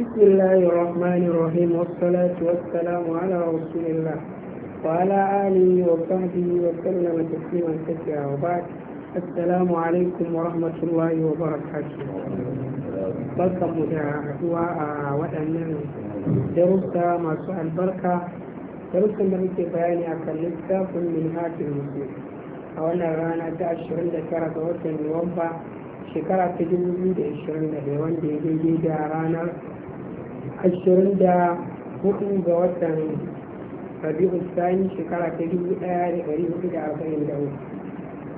بسم الله الرحمن الرحيم والصلاة والسلام على رسول الله وعلى آله وصحبه وسلم تسليما كثيرا وبعد السلام عليكم ورحمة الله وبركاته بسم الله وأنا درست ما شاء البركة درست ملك بياني أكلمك كل من هذه المسلمين وأنا رانا تأشر لك ربوة الموبا شكرا تجلو بيدي شرنا بيوان بيدي بيدي رانا ashirin da hudu ga watan rabi'u sani shekara ta dubu daya da dari hudu da arba'in da hudu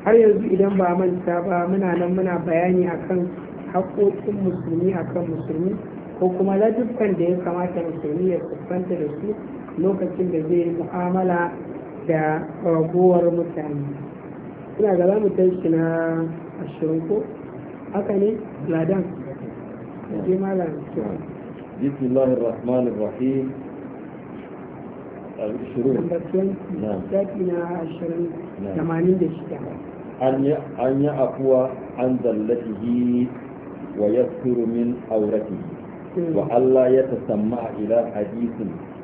har yanzu idan ba manta ba muna nan muna bayani akan haƙoƙin musulmi akan musulmi ko kuma ladukan da ya kamata musulmi ya kusanta da su lokacin da zai mu'amala da ragowar mutane ina ga za mu na ashirin ko haka ne ladan je malam kyau بسم الله الرحمن الرحيم الشروط نعم عشرين ثمانين دقيقة أن يعفو عن ذلته ويستر من عورته وألا يتسمع إلى حديث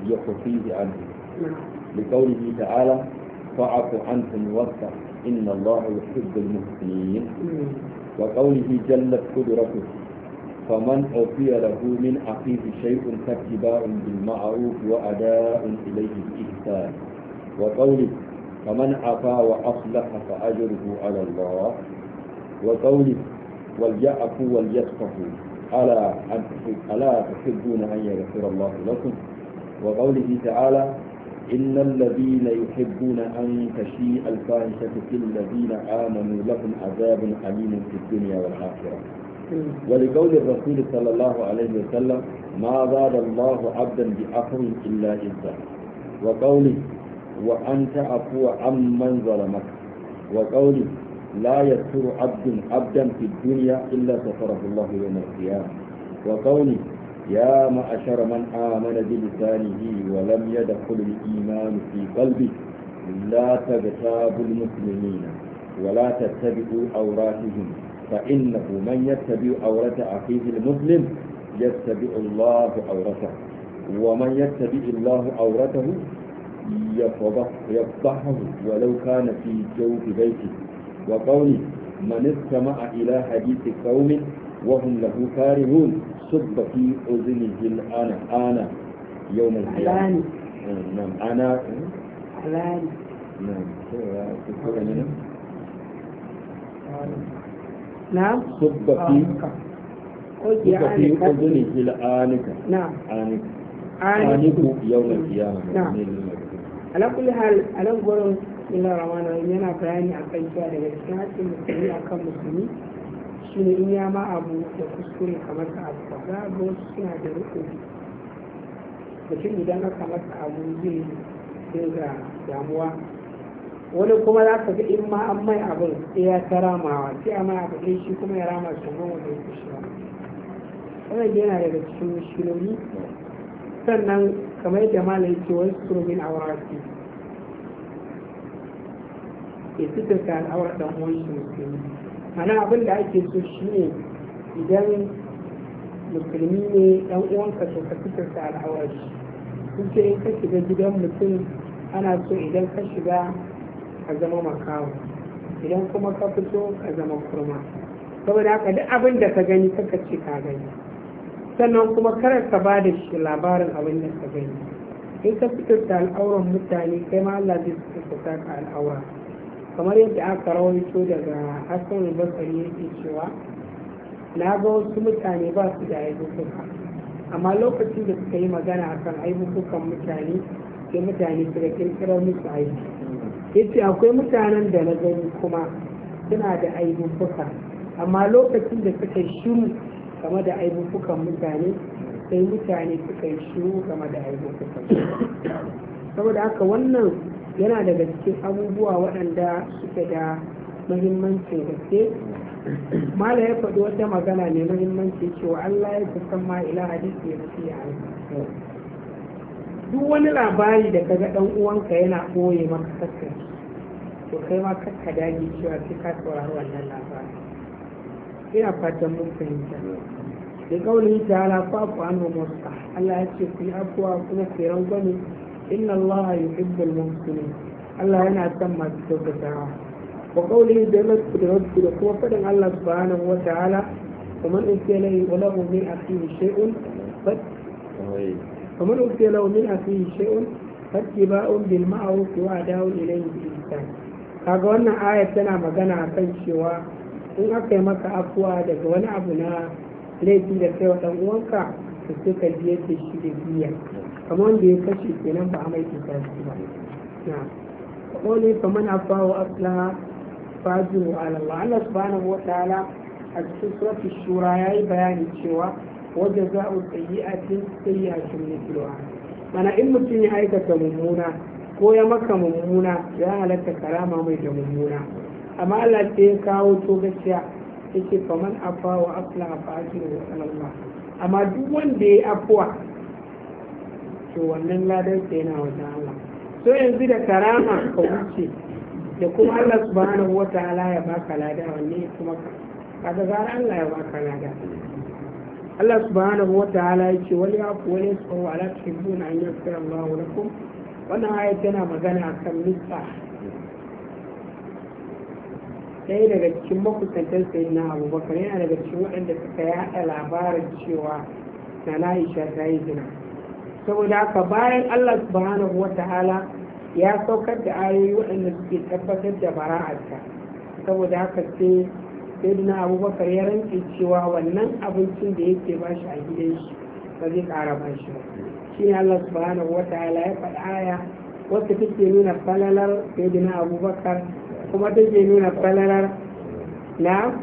يخفيه عنه لقوله تعالى فاعف عنهم واستغفر إن الله يحب المحسنين وقوله جلت قدرته فمن أوفي له من أخيه شيء فاتباع بالمعروف وأداء إليه بإحسان وقوله فمن عفا وأصلح فأجره على الله وقوله وليعفوا وليصفحوا ألا ألا تحبون أن يغفر الله لكم وقوله تعالى إن الذين يحبون أن تشيء الفاحشة في الذين آمنوا لهم عذاب أليم في الدنيا والآخرة ولقول الرسول صلى الله عليه وسلم ما زاد الله عبدا بأخر إلا إذا وقوله وأنت أفو عمن ظلمك وقوله لا يسر عبد عبدا في الدنيا إلا سفره الله يوم القيامة وقوله يا معشر من آمن بلسانه ولم يدخل الإيمان في قلبه لا تغتابوا المسلمين ولا تتبعوا أوراتهم فإنه من يتبع عورة أخيه المسلم يتبع الله عورته ومن يتبع الله عورته يفضحه ولو كان في جوف بيته وقوله من استمع إلى حديث قوم وهم له كارهون صب في أذنه الآن أنا يوم القيامة نعم أنا نعم na'am subba fi subba fi uzuni akan cewa daga cikin hakkin musulmi akan musulmi shine in ya ma abu da kuskure kamar ka abu ba ga wasu suna da mutum idan aka masa abu zai damuwa wani kuma za ka ga in ma an mai abin sai ya ta ramawa sai a mai abin shi kuma ya rama shi kuma wanda ya shi ba wannan yana daga cikin shiloli sannan kamar yadda malai ce wani surumin aurati ya fita ta al'aurar ɗan uwan shi musulmi mana abin da ake so shi ne idan musulmi ne ɗan ka so ka fita ta al'aurar shi kun ce in ka shiga gidan mutum ana so idan ka shiga ka zama makawa idan kuma ka fito ka zama kurma saboda haka duk abin da ka gani kaka ce ka gani sannan kuma kar ka ba da shi labarin abin da ka gani in ka fitar da al'auran mutane kai ma Allah zai fito da ka al'aura kamar yadda aka rawaito daga Hassan Basari yake cewa na ga wasu mutane ba su da aibukuka amma lokacin da suka yi magana akan aibukukan mutane ke mutane da kirkirar musu aiki yace akwai mutanen da na gani kuma suna da aibubuka amma lokacin da suka shiru game da aibubukan mutane sai mutane suka shiru game da aibubukan saboda haka wannan yana daga cikin abubuwa waɗanda suke da mahimmanci gaske mala ya faɗi wata magana mai muhimmanci cewa Allah ya kusan ma ila hadisi ya fi duk wani labari da kaga dan uwanka yana boye maka sakka to kai ma kakka dage cewa sai ka saurari wannan labari ina fatan mun fahimta da kaulin ala fa ku an musta Allah ya ce ku yi abuwa kuma ku yi rangwame inna Allah al muhsinin Allah yana son masu kyautatawa wa kaulin da rasku da rasku da kuma fadin Allah subhanahu wa ta'ala ومن أوتي إليه a cikin أخيه شيء فمن أوتي له منها فيه شيء فاتباع بالمعروف وأداء إليه بإحسان kaga wannan ayar tana magana a kan cewa in aka yi maka afuwa daga wani abu na laifin da kai wa ɗan uwanka da ka biye ta shi da biya kamar wanda ya kashe kenan ba a mai cuta shi ba na kone kamar afuwa wa aslaha fajiru ala Allah subhanahu wa ta'ala a cikin suratul shura yayi bayani cewa wajen za a tsayi a tsayi a mana in mutum ya aikata mummuna ko ya maka mummuna ya halatta karama mai da mummuna amma Allah ce ya kawo to gaskiya yake faman afa wa afla fa ajiru Allah amma duk wanda ya afuwa to wannan ladan sa yana wajen Allah so yanzu da karama ka wuce da kuma Allah subhanahu wataala ya baka lada wanne kuma kaga gara Allah ya baka lada Allah subhanahu wa ta'ala yake wal yafu wani tsoro ala cikin tuhibbuna an yaghfira Allahu lakum wannan aya tana magana kan mista ɗaya daga cikin makusantar sayi na abubakar yana daga cikin waɗanda suka yaɗa labarin cewa na la'isha ta yi zina saboda haka bayan Allah subhanahu wa ta'ala ya saukar da ayoyi waɗanda suke tabbatar da bara'arta saboda haka sai dina abubakar ya rantse cewa wannan abincin da yake ba shi a gidan shi ba zai kara ba shi ba shi ne allah subhanahu wa ta'ala ya faɗa aya wacce take nuna falalar sayyidina abubakar kuma take nuna falalar na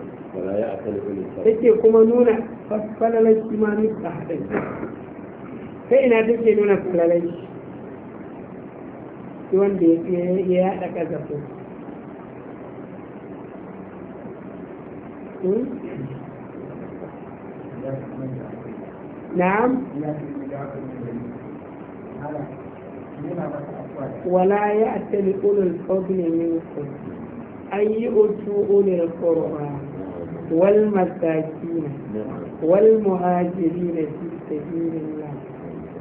take kuma nuna falalar shi ma ta haɗin sai ina take nuna falalar shi wanda ya yaɗa ƙazafin نعم ولا يأتل أولو الفضل منكم أن يؤتوا أولي القرآن والمساكين والمهاجرين في سبيل الله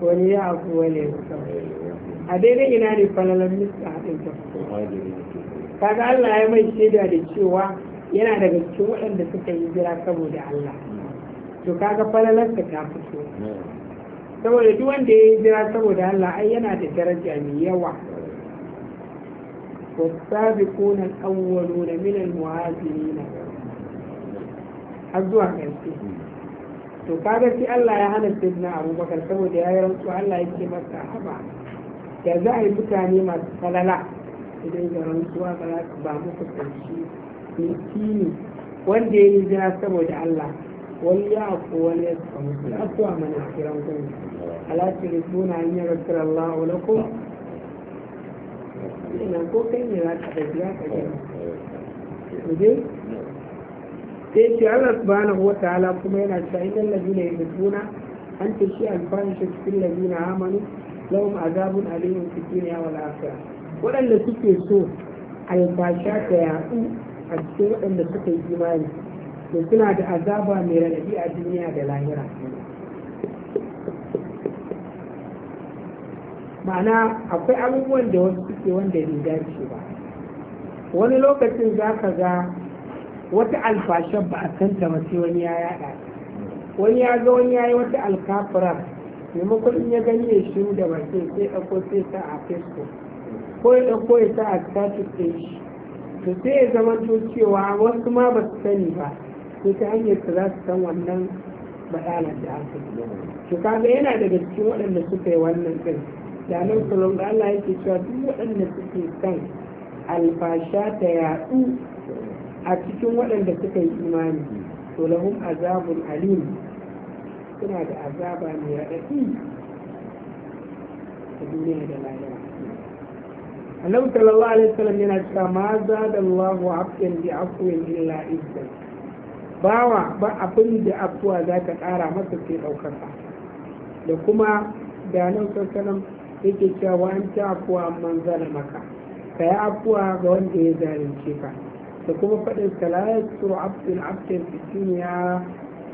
وليعفوا وليغفروا a daidai ina ne falalar mista haɗin ta kaga Allah ya mai shaida da cewa yana daga cikin waɗanda suka yi jira saboda Allah to kaga falalarsa ta fito saboda duk wanda ya yi jira saboda Allah ai yana da daraja mai yawa والسابقون الأولون من المهاجرين har zuwa ƙarshe to kaga sai Allah ya hana sayyidina Abubakar saboda ya yi ko Allah ya ce masa haba da za a yi mutane masu falala idan ga rantsuwa ba za ka ba mu kusanci miskini wanda ya yi jira saboda Allah wani ya afu wani ya tsamu su afuwa mana kiran kun alati rubuna an yi rasar Allah wani ko ina ko kai ne za ka ɗauki za ka gina kuje sai ce Allah subhanahu wa ta'ala kuma yana cewa idan ladina yuzuna an tashi alfahishin cikin ladina amanu lahum azabun alimun fi dunya wal akhirah waɗanda suke so albasha ta yatsu. a cikin waɗanda suka yi imani da suna da azaba mai raɗaɗi a duniya da lahira ma'ana akwai abubuwan da wasu suke wanda bai dace ba wani lokacin za ka ga wata alfashen ba a san ta sai wani ya yaɗa wani ya ga wani ya yi wata alkafura maimakon in ya gani ya shiru da bakin sai ɗauko sai sa a facebook ko ya ɗauko ya sa a status ɗin shi to sai ya to cewa wasu ma ba su sani ba sai ta hanyar su za su san wannan bayanan da aka yi to kaga yana daga cikin waɗanda suka yi wannan ɗin da nan salon da Allah yake cewa duk waɗanda suke son alfasha ta yaɗu a cikin waɗanda suka yi imani to lahum azabun alim suna da azaba mai raɗaɗi a duniya da lahira annabi sallallahu alaihi wasallam yana cewa ma zada Allahu abdan bi afwin illa izzan bawa ba abin da afuwa za ta ƙara masa sai ɗaukaka da kuma da nan sassanan yake cewa an ta afuwa man zana maka ka yi afuwa ga wanda ya zalunce ka da kuma faɗin salayar suru abdin abdin fitin ya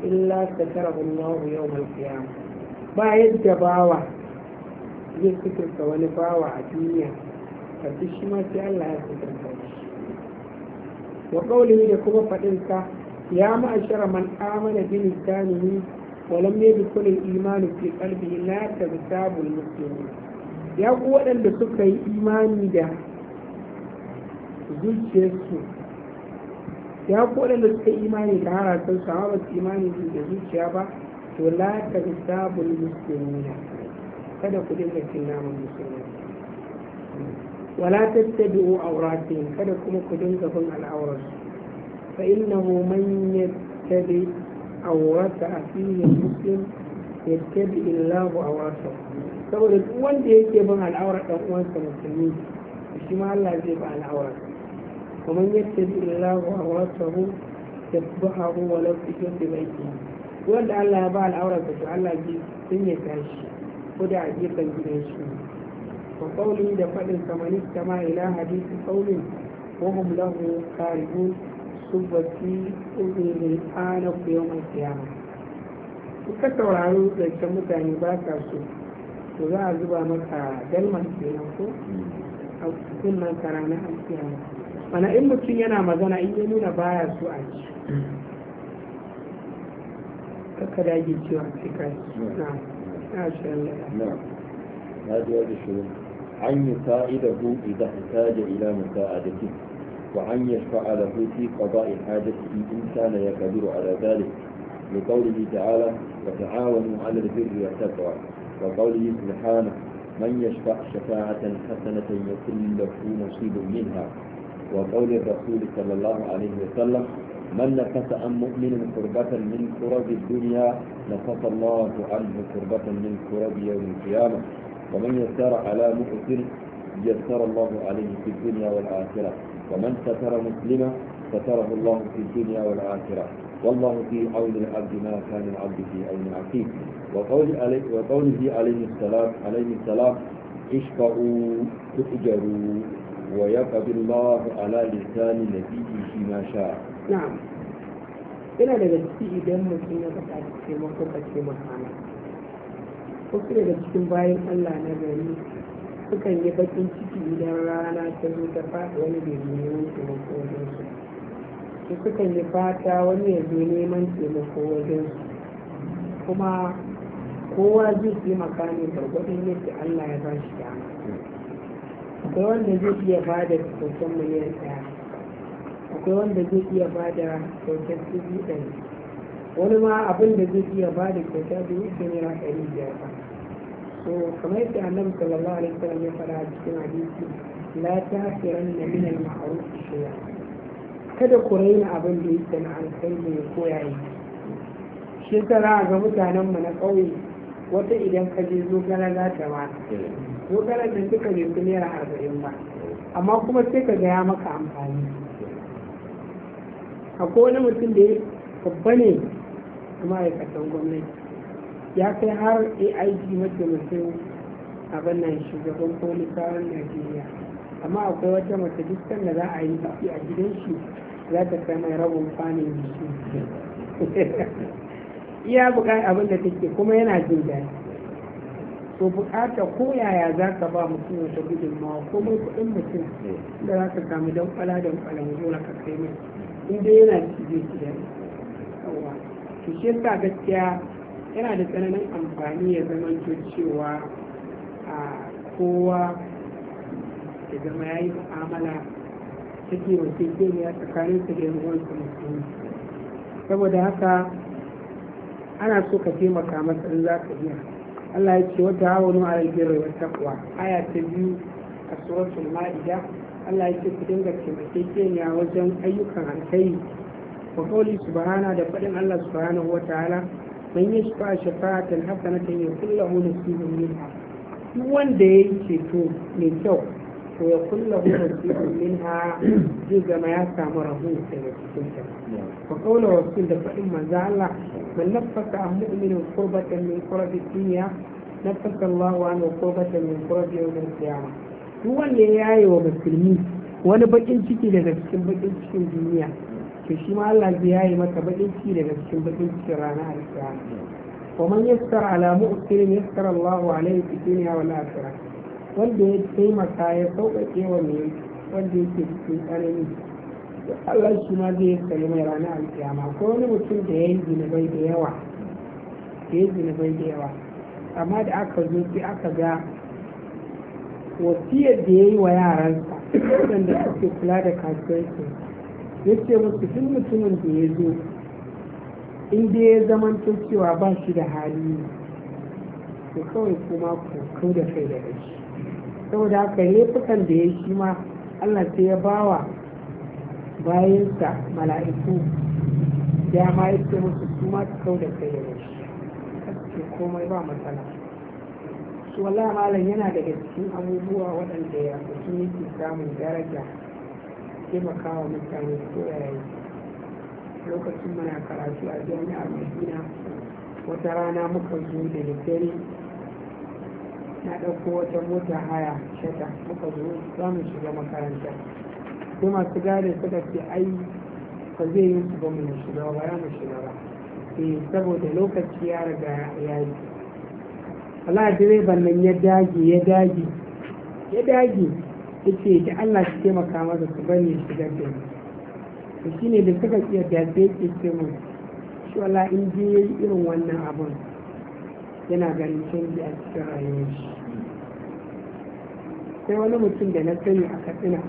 illa ta tara hulmahu yau malkiyama ba yadda bawa zai fitinta wani bawa a duniya ka duk shi ma sai Allah ya siffanta shi wa da kuma fadin ka ya ma'ashara man amana bi wa lam yadkhul al-iman fi qalbihi la muslimin ya ku waɗanda suka yi imani da zuciyarsu ya ku suka yi imani da amma ba su imani da zuciya ba to la tabitabul muslimin kada ku dinga cin naman musulmi wala تتبعوا awratihim kada kuma ku dinga bin al'aurarsu fa innahu man yattabi awrata akhihi muslim saboda duk wanda yake bin al'aurar dan uwansa musulmi shi ma Allah zai ba al'aurar ومن يتبع الله عورته يتبعه ولو في جنب بيته wanda Allah ya ba al'aurar ka to Allah ji sun ya tashi ko da a gefen gidan shi وقوله لفعل ثمانين كما إلى حديث قول وهم له كارهون سبتي أذن الآن في يوم القيامة suka saurari zancen mutane ba sa so to za a zuba maka dalman kenan ko a kunnan karana an kiyama mana in mutum yana magana in ya nuna baya su a ci أن يساعده إذا احتاج إلى مساعدته وأن يشفع له في قضاء حاجته إن كان يقدر على ذلك لقوله تعالى وتعاونوا على البر والتقوى وقوله سبحانه من يشفع شفاعة حسنة يكن له نصيب منها وقول الرسول صلى الله عليه وسلم من نفس عن مؤمن كربة من كرب الدنيا نفس الله عنه كربة من كرب يوم القيامة ومن يسر على مؤثر يسر الله عليه في الدنيا والآخرة ومن ستر مسلما ستره الله في الدنيا والآخرة والله في عون العبد ما كان العبد في عون عقيم وقوله عليه السلام عليه السلام اشفعوا تؤجروا ويقضي الله على لسان نبيه ما شاء نعم ina daga ciki idan mutum ya faɗa cikin makwabacin mutane kira daga cikin bayan allah na gari sukan yi bakin ciki idan rana ta zo ta faɗi wani bai neman taimako wajen su su sukan yi fata wani ya zo neman taimako wajen su kuma kowa zai taimaka ne gwargwadon yadda allah ya ba shi dama akwai wanda zai iya ba da kyautar miliyan ɗaya akwai wanda zai iya ba da kyautar dubu ɗari wani ma abin da zai iya ba da kyauta dubu ɗari biyar ba to kamar yadda annabi sallallahu alaihi wasallam fara a cikin hadisi la tahqiranna min al-ma'ruf shay'a kada ku raina abin da yake na alkhairi ne ko yayi shi yasa ga mutanen mu na ƙauye wata idan ka je zo kana za ta ba zo da suka je su naira arba'in ba amma kuma sai ka gaya maka amfani akwai wani mutum da ya babba ne ma'aikatan gwamnati ya kai har aig mace abin nan shugaban polisawan najeriya amma akwai wata mace dukkan da za a yi biki a gidan shi za ta kai mai rabin kwanin jiki iya bukatar abin da take kuma yana jin daɗi to bukata ko yaya za ka ba mutum wata gudunmawa ko mai kuɗin mutum da za ka samu don kwala don kwala mu zuwa ka kai mai in dai yana ci zai ci daɗi yawa to shi yasa gaskiya yana da tsananin amfani ya zama cewa a kowa ya zama ya yi mu'amala ta kewace kewaye tsakanin su da yawansu musulmi saboda haka ana so ka taimaka masa in za ka iya Allah ya ce wata hawanu a yajiyar wata takwa aya ta biyu a suratul ma'ida Allah ya ce ku dinga taimakekeniya wajen ayyukan alkhairi wa kauli subhana da faɗin Allah subhanahu wata ta'ala man yashfa shafa'atan hasanatan yakul lahu nasibun minha duk ya yi ceto mai kyau to ya kulla huwa nasibun minha zai zama ya samu rahu daga cikin ta fa qawla rasul da fadin manzo Allah man nafaka an mu'minin qurbatan min qurbi dunya nafaka Allah wa an qurbatan min qurbi yawm al duk wanda ya yi wa musulmi wani bakin ciki daga cikin bakin cikin duniya to shi ma Allah zai yayi maka bakin ci daga cikin bakin cikin rana a kiyama wa man yassara ala mu'sirin yassara Allahu alaihi fi dunya wal akhirah wanda ya taimaka ya sauƙaƙe wa mai wanda yake cikin tsanani Allah shi ma zai yassare mai rana a kiyama ko wani mutum da ya yi zinubai da yawa da ya zinubai da yawa amma da aka zo sai aka ga wasiyar da ya yi wa yaransa waɗanda suke kula da kasuwancinsu ya ce musu duk mutumin da ya zo in dai ya zama cewa ba shi da hali to kawai kuma ku da kai da shi saboda haka laifukan da ya shi ma Allah sai ya wa bayansa mala'iku dama ya ce musu su ma su kau da kai da shi ce komai ba matsala su wallahi malam yana daga cikin abubuwa waɗanda ya mutum yake samun daraja taimaka wa mutane ko lokacin muna karatu a jami'ar madina wata rana muka zo da dare na ɗauko wata mota haya shata muka zo za mu shiga makaranta sai masu gane suka ce ai ba zai yi su ba mu shiga ba ya mu shiga ba eh saboda lokaci ya riga ya yi Allah direban nan ya dage ya dage ya dage yace da Allah shi taimaka masa su bani shi da ke to ne da suka iya da ke ce mu shi wala in je yi irin wannan abun yana ganin canji a cikin rayuwar shi sai wani mutum da na sani a katsina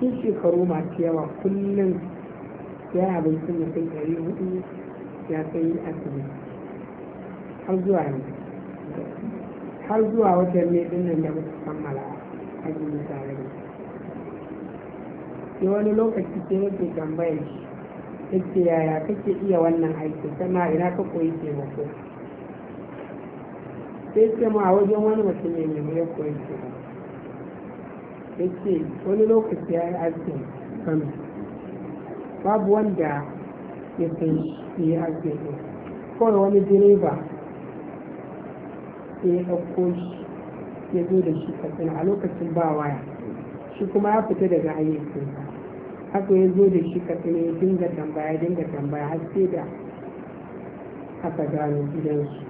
Sun shekaru masu yawa kullum ya abinci mutum ɗari hudu ya sayi asibiti har zuwa yanzu har zuwa watan ne din nan da muka kammala hajji tare da shi wani lokaci ce nake tambayar shi yake yaya kake iya wannan aiki sama ina ka koyi taimako sai ce ma a wajen wani mutum ne mai ya koyi taimako yake wani lokaci ya yi aikin kano babu wanda ya san shi ya aikin kawai wani direba sai ya ɗauko shi ya zo da shi katsina a lokacin ba waya shi kuma ya fita daga hayyacinsa haka ya zo da shi katsina ya dinga tambaya dinga tambaya har sai da aka gano gidansu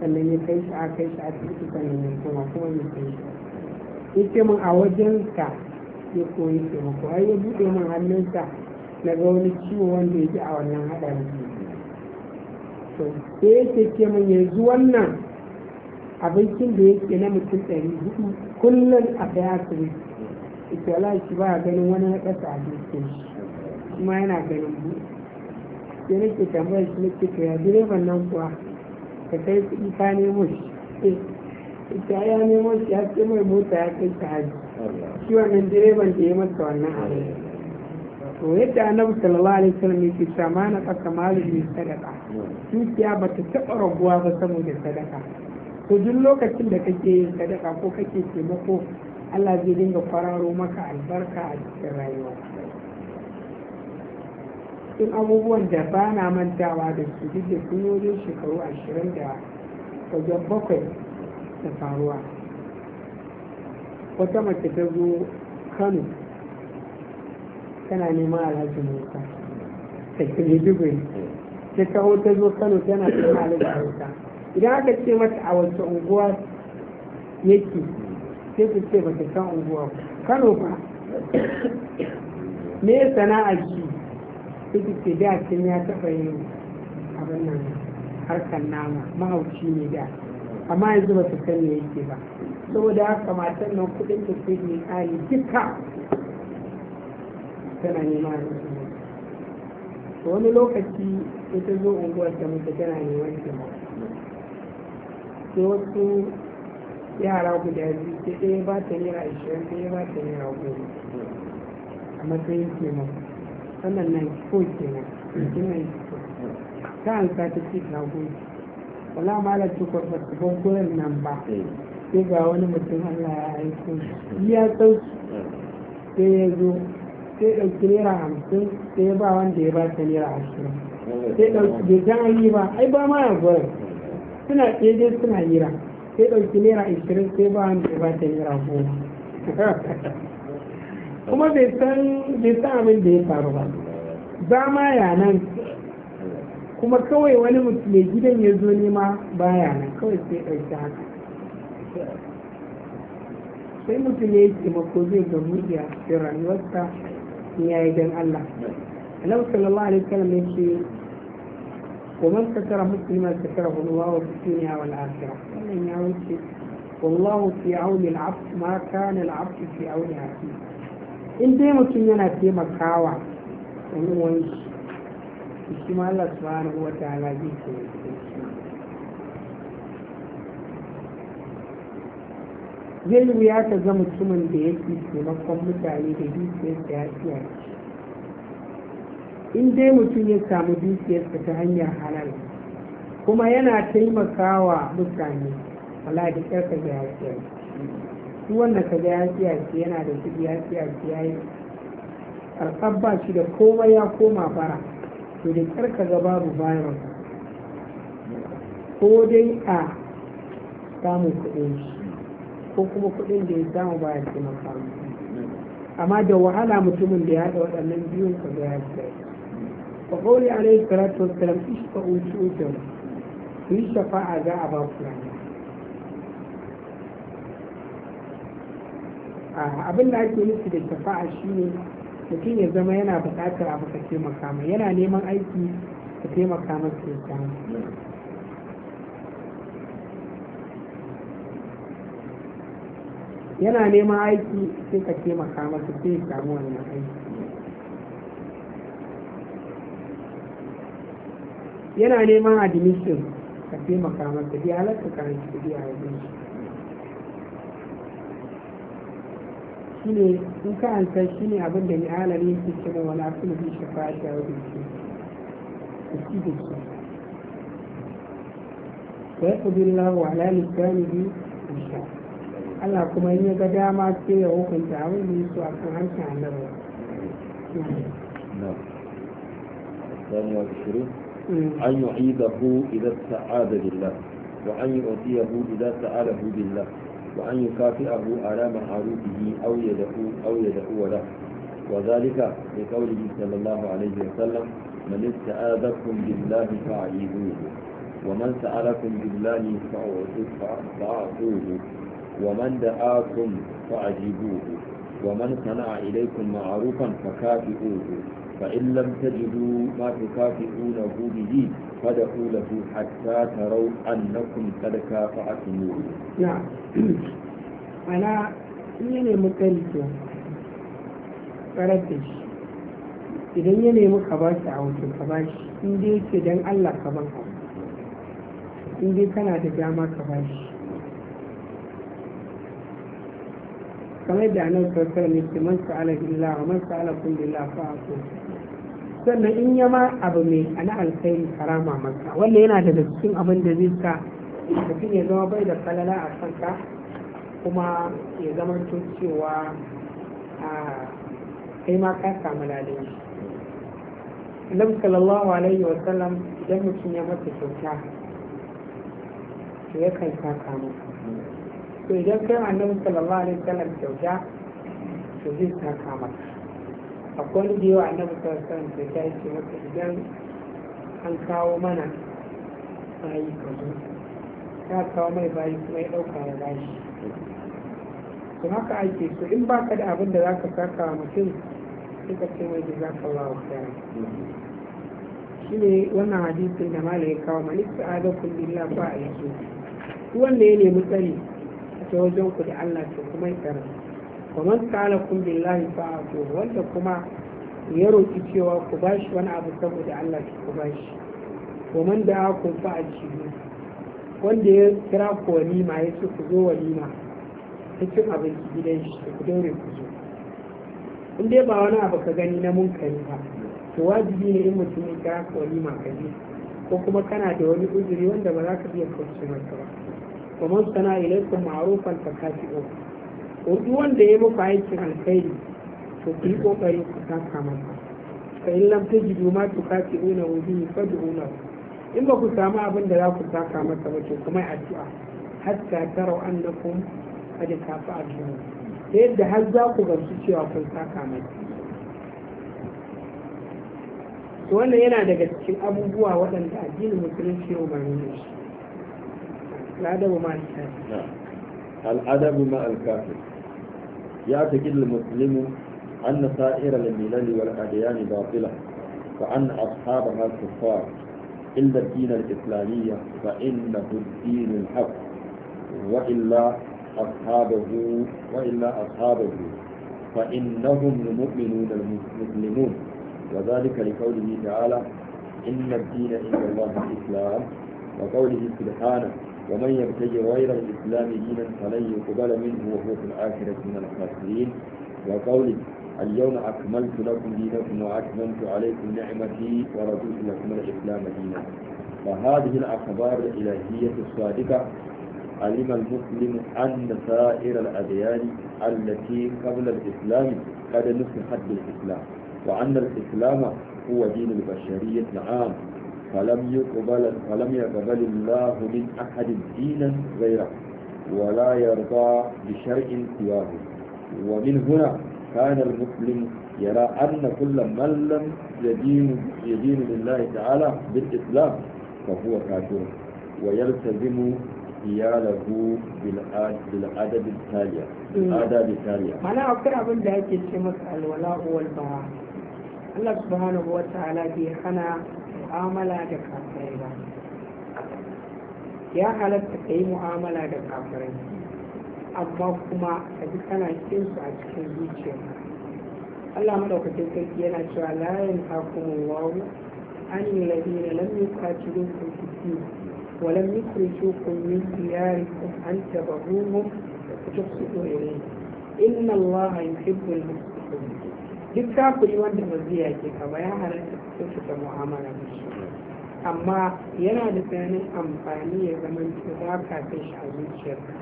sannan ya kai shi a kai shi a cikin sannan ya koma kuma ya kai shi ya ce min a wajensa ya koyi taimako ai ya buɗe min hannunsa na ga wani ciwo wanda ya ji a wannan haɗarin to sai ya ce min yanzu wannan abincin da yake na mutum ɗari hudu kullum a daya kuri ita wala shi ba ganin wani na ƙasa jikin kuma yana ganin bu sai nake tambayar shi nake to ya direban nan kuwa ka kai kuɗi ka nemo shi eh, ita ya nemo shi ya ce mai mota ya kai ta haji shi wannan direban da ya masa wannan hari to yadda annabi sallallahu alaihi wasallam yake cewa ma na ƙasa malumi sadaka dukiya ba ta taɓa raguwa ba saboda sadaka to duk lokacin da kake yin sadaka ko kake taimako Allah zai dinga fararo maka albarka a cikin rayuwa in abubuwan da ba na mantawa da su duk da sun yi shekaru ashirin da wajen bakwai da faruwa wata mace ta zo kano tana neman alhaji musa ta kiri dubai ta kawo ta zo kano tana neman alhaji musa idan aka ce mata a wace unguwa yake sai ku ce ta san unguwa kano ba, me sana'a shi sai ku ce da sun ya taɓa yin abin nan harkar nama mahauci ne da amma yanzu ba su san me yake ba saboda haka matan nan kuɗin da su ne ƙari duka tana neman rufe wani lokaci ita zo unguwar da mutu tana neman taimako sai wasu yara da yanzu sai ɗaya ba ta naira ashirin ɗaya ba ta naira goma a matsayin kenan sannan nan ko kenan kenan ta an sa ta ce ta gode wala malar tukwar ba ta ban gurin nan ba sai ga wani mutum Allah ya aiko ya tsau sai ya zo sai ɗauki naira hamsin sai ba wanda ya ba ta naira ashirin sai ɗauki bai jan ayi ba ai ba ma ya gurin suna ɗeje suna yira sai ɗauki naira ishirin sai ba wanda ba ta naira goma kuma bai san abin da ya faru ba ba ma yanan kuma kawai wani mutum mai gidan ya zo nema ba yanan kawai sai ɗauki haka sai mutum ya yi taimako zai ga buɗe da rayuwarsa ya yi don Allah. Allah sallallahu alaihi wasallam ya ce ومن ستر مسلما ستره الله في الدنيا والآخرة ومن يعود والله في عون العبد ما كان العبد في عون أخيه in dai mutum yana taimakawa wani wani shi ma Allah subhanahu wa ta'ala zai taimake shi zai wuya ta ga mutumin da yake taimakon mutane da dukiyar da ya in dai mutum ya samu dukiyarsa ta hanyar halal kuma yana taimakawa mutane wala da kyar ka ga yafiya shi wannan ka ga yafiya shi yana da shi yafiya shi yi karkar ba shi da kowa ya koma fara, to da kyar ka ga babu bayan ko dai a samun kuɗin shi ko kuma kuɗin da ya samu baya taimaka amma da wahala mutumin da ya haɗa waɗannan biyun ka ga yafiya وقول عليه الصلاة والسلام اشفعوا شؤون في شفاعة جاء أبا فلان abin da ake nufi da shafa'a shine mutum ya zama yana buƙatar abu ka taimaka mai yana neman aiki ka taimaka masa ya samu yana neman aiki sai ka taimaka masa sai ya samu wannan aiki yana neman admission ka taimaka masa ya halatta ka rage kuɗi a wajen shi ne in ka ansa shi ne abin da ni alali ke cewa wani akulu bi shafa'a ta wajen shi da ci da shi wa yaqdi Allahu ala lisanihi insha Allah kuma in ya ga dama sai ya hukunta abin da yake a kan harshen Allah. Na'am. أن يعيده إذا استعاذ بالله وأن يعطيه إذا سأله بالله وأن يكافئه على معروفه أو يدعو أو يدعو له وذلك لقوله صلى الله عليه وسلم من استعاذكم بالله فأعيذوه ومن سألكم بالله فأعطوه ومن دعاكم فأجيبوه ومن صنع إليكم معروفا فكافئوه فإن لم تجدوا ما تكافئونه به فدعوا له حتى تروا أنكم قد كافأتموه نعم أنا iya nemi kanto da shi idan ya nemi ka ba shi a wato ka ba shi in dai yake don allah ka ban abu in dai kana da dama ka ba shi kamar da nan sallallahu ne ke man sa'ala illa wa man sa'ala billah fa aku sannan in ya ma abu mai ana alkhairi karama maka wannan yana daga cikin abin da zai sa mutum ya zama bai da kalala a kanka kuma ya zama to cewa a kai ma ka samu lalai annabi sallallahu alaihi sallam idan mutum ya mata kyauta to yakan ka samu to idan kai annabi sallallahu alaihi wasallam kyauta to zai saka maka akwai wani da yawa annabi sallallahu alaihi wasallam kyauta ya ce maka idan an kawo mana bayi ka zo ka kawo mai bayi kuma ya ɗauka ya bashi to haka ake so in baka da abin da zaka saka wa mutum ka ce mai jazakallahu Shi shine wannan hadisin da malai ya kawo malik sa'ada ba a fa ayyuhu wanda ya nemi tsari ta wajen ku da Allah to kuma ya tsara wa man ta'ala kun billahi fa to wanda kuma ya roki cewa ku bashi wani abu saboda Allah to ku bashi wa man da ku fa ajibu wanda ya kira ku walima ya ce ku zo walima ta cin abinci gidan shi ku daure ku zo in dai ba wani abu ka gani na munkari ba to wajibi ne in mutum ya kira ku walima ka je ko kuma kana da wani uzuri wanda ba za ka iya kauce masa ba wa man sana ilaikum ma'rufan fakati'u ko duk wanda ya muku aikin alkhairi to ku yi kokari ku saka masa fa in lam tajidu ma tukati'una wa bihi fad'una in ba ku samu abin da za ku saka masa ta to kuma addu'a hatta tarau annakum qad kafa addu'a ta yadda har za ku gamsu cewa kun saka masa ta wannan yana daga cikin abubuwa waɗanda addinin musulunci yau ba da shi الأدب مع الكافر نعم الأدب مع الكافر يعتقد المسلم أن سائر الملل والأديان باطلة وأن أصحابها كفار إلا الدين الإسلامية فإنه الدين الحق وإلا أصحابه وإلا أصحابه فإنهم المؤمنون المسلمون وذلك لقوله تعالى إن الدين عند الله الإسلام وقوله سبحانه ومن يبتغي غير الإسلام دينا فلن يقبل منه وهو في الآخرة من الخاسرين وقوله اليوم أكملت لكم دينكم وأتممت عليكم نعمتي ورضيت لكم الإسلام دينا فهذه الأخبار الإلهية الصادقة علم المسلم أن سائر الأديان التي قبل الإسلام قد نصحت بالإسلام وأن الإسلام هو دين البشرية العام فلم يقبل فلم يقبل الله من أحد دينا غيره ولا يرضى بشرع سواه ومن هنا كان المسلم يرى أن كل من لم يدين يدين لله تعالى بالإسلام فهو كافر ويلتزم iyalahu bil'adabi tariya al'adabi tariya mana akwai abin da ake ce masa alwala wal bara Allah subhanahu wa ta'ala bai hana mu'amala da kafirai ba ya halatta ka yi mu'amala da kafirai amma kuma ka ji kana kin su a cikin zuciya Allah madaukakin sarki yana cewa la wawu an alladhina lam yuqatilukum fid-din wa lam yukhrijukum min diyarikum an tabarruhum wa tuqsitu ilayhim inna Allaha yuhibbul muqsitin duk kafiri wanda maziya yake kaba ya halatta kyautata mu'amala da shi amma yana da tsananin amfani ya zama za ka kai shi a zuciyarka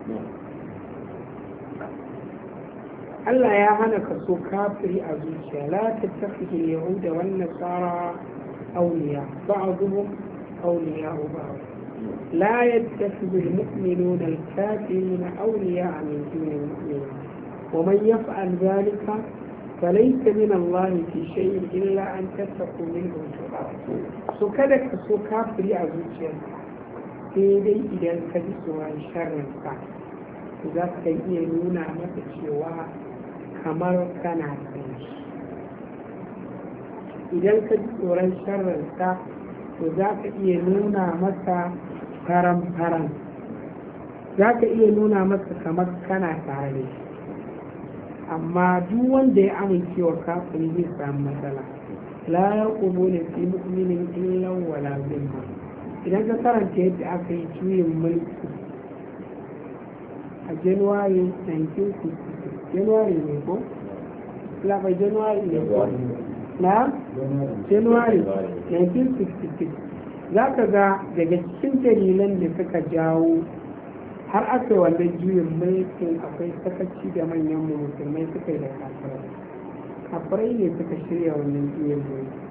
Allah ya hana ka so kafiri a zuciya la tattakhidul yahuda wan nasara awliya ba'dhum awliya ba'd la yattakhidul mu'minuna al-kafirina awliya min dunil mu'minin wa man yaf'al dhalika falaita min Allah fi shay'in illa an tattaku min so kada ka so kafiri a zuciyarka sai dai idan ka ji tsoron sharrin sa za ka iya nuna masa cewa kamar kana san shi idan ka ji tsoron sharrin to za ka iya nuna masa faran-faran za ka iya nuna masa kamar kana tare da amma duk wanda ya amincewa kafin zai samu matsala la ya kubo ne fi mu'minin illan wala zimma idan ka karanta yadda aka yi juyin mulki a januwari 1960 januwari ne ko? lafa januwari ne ko? na? januwari 1966 za ka ga daga cikin dalilan da suka jawo har aka wanda juyin mulkin akwai sakaci da manyan musulmai suka yi da kafirai kafirai ne suka shirya wannan juyin mulki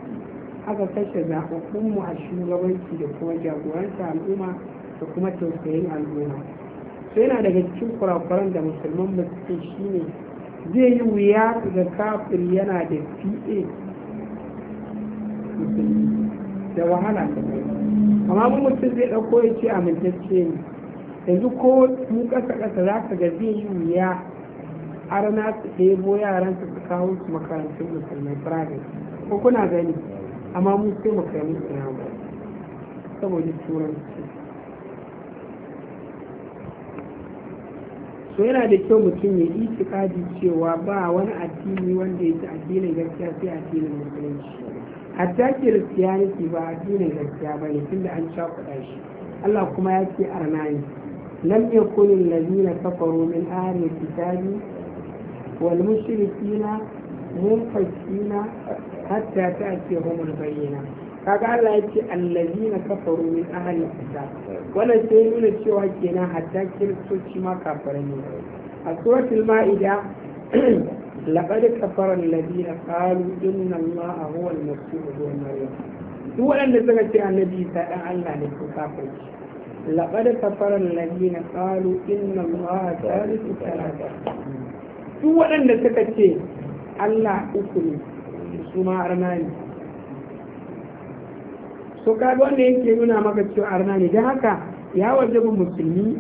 aka kashe zaɓaɓɓun mu a shugabanci da kuma jagoranta al'umma da kuma tausayin al'umma to yana daga cikin kurakuran da musulman mu shi shine zai yi wuya ga kafir yana da pa da wahala Amma mun mutum zai ɗauko ya ce amintacce ne yanzu ko mu kasa-kasa za ka ga zai yi wuya a rana su ɗebo yaran su kawo su makarantun musulmai firamare ko kuna gani amma mu sai mu kai musu ba saboda turanci so yana da kyau mutum ya yi itikadi cewa ba wani addini wanda ya ci addinin gaskiya sai addinin musulunci hatta kiristiyaniki ba addinin gaskiya ba ne tunda an cakuɗa shi Allah kuma ya ce ne. لم يكن الذين كفروا من أهل الكتاب والمشركين منفكين حتى تأتيهم البينة kaga Allah ya ce allazina kafaru min ahli kitab wannan sai nuna cewa kenan hatta kiristoci ma kafare ne a suratul ma'ida laqad kafara allazina qalu inna allaha huwa al-masih ibn maryam duk wanda suka ce annabi ta dan Allah ne ko kafirci لقد كفر الذين قالوا إن الله ثالث ثلاثة duk waɗanda suka ce Allah uku ne su ma arna ne so kaga wanda yake nuna maka cewa arna ne don haka ya waje musulmi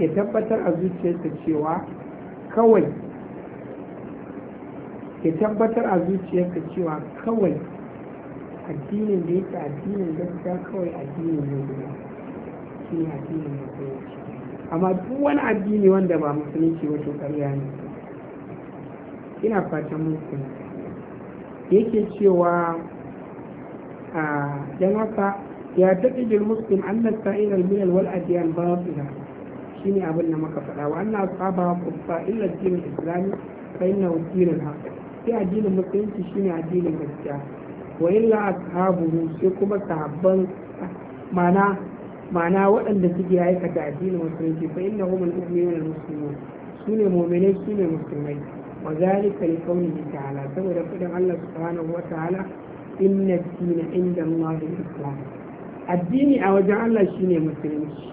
ya tabbatar a zuciyarsa tabbatar a zuciyarsa cewa kawai addinin da yake addinin gaskiya kawai addinin ne guda shi ne addinin musulunci amma duk wani addini wanda ba musulunci wato karya ne ina fatan mutum yake cewa a don haka ya taƙi jil muslim an na sa'irar milal wal adiyan batila shi ne abin da muka faɗa wa na saba ku illa addinin islami fa inna addinin haka sai addinin musulunci shi ne addinin gaskiya wa illa ashabuhu sai kuma sahabban mana mana waɗanda suke aikata addinin musulunci fa inna hum al-mu'minun al-muslimun sune mu'minai sune musulmai wa zalika li qawlihi ta'ala saboda fadin Allah subhanahu wa ta'ala inna ad-dina inda Allah al-islam addini a wajen Allah shine musulunci